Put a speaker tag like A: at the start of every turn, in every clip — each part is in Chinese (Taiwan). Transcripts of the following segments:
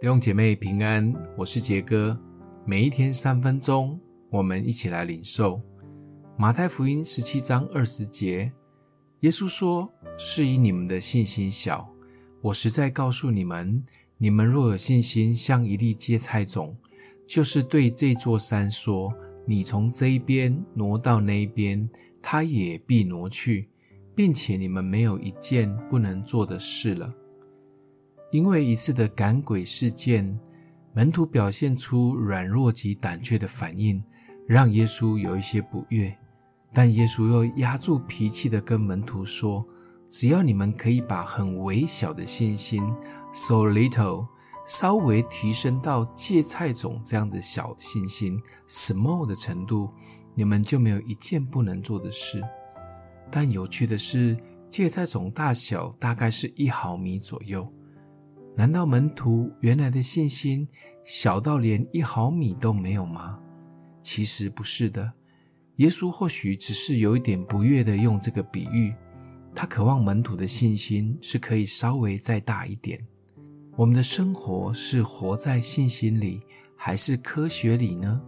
A: 弟兄姐妹平安，我是杰哥。每一天三分鐘，我們一起來領受馬太福音十七章二十節。耶穌說：“是因你們的信心小，我實在告訴你們，你們若有信心像一粒芥菜種，就是對這座山說：‘你從這一邊挪到那一邊’，它也必挪去，並且你們沒有一件不能做的事了。”因為一次的趕鬼事件，門徒表現出軟弱及膽怯的反應，讓耶穌有一些不悅。但耶穌又壓住脾氣的跟門徒說：“只要你們可以把很微小的信心 （so little） 稍微提升到芥菜種這樣的小信心 （small） 的程度，你們就沒有一件不能做的事。”但有趣的是，芥菜種大小大概是一毫米左右。難道門徒原來的信心小到連一毫米都沒有嗎？其實不是的。耶穌或許只是有一點不悅地用這個比喻，他渴望門徒的信心是可以稍微再大一點。我們的生活是活在信心裡，還是科學裡呢？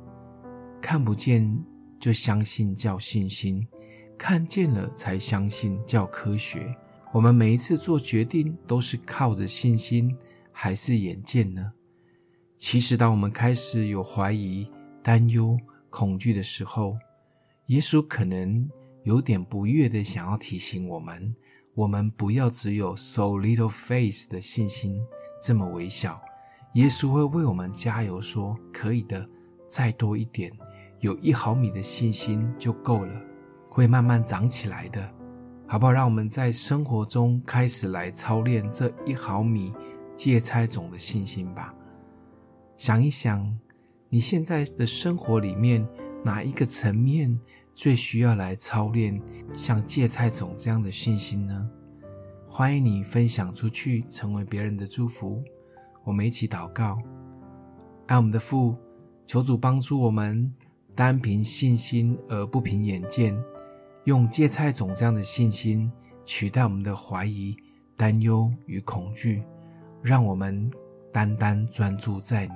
A: 看不見就相信叫信心，看見了才相信叫科學。我們每一次做決定，都是靠着信心還是眼見呢？其實，當我們開始有懷疑、擔憂、恐懼的時候，耶穌可能有點不悅地，想要提醒我們：我們不要只有 so little faith 的信心這麼微小。耶穌會為我們加油，說：“可以的，再多一點，有一毫米的信心就夠了，會慢慢長起來的。”好不好？讓我們在生活中開始來操練這一毫米芥菜種的信心吧。想一想，你現在的生活裡面哪一個層面最需要來操練像芥菜種這樣的信心呢？歡迎你分享出去，成為別人的祝福。我們一起禱告，愛我們的父，求主幫助我們，單憑信心而不憑眼見。用芥菜種這樣的信心取代我們的懷疑、擔憂與恐懼，讓我們單單專注在你。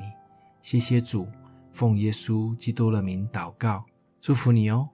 A: 謝謝主，奉耶穌基督的名禱告，祝福你哦。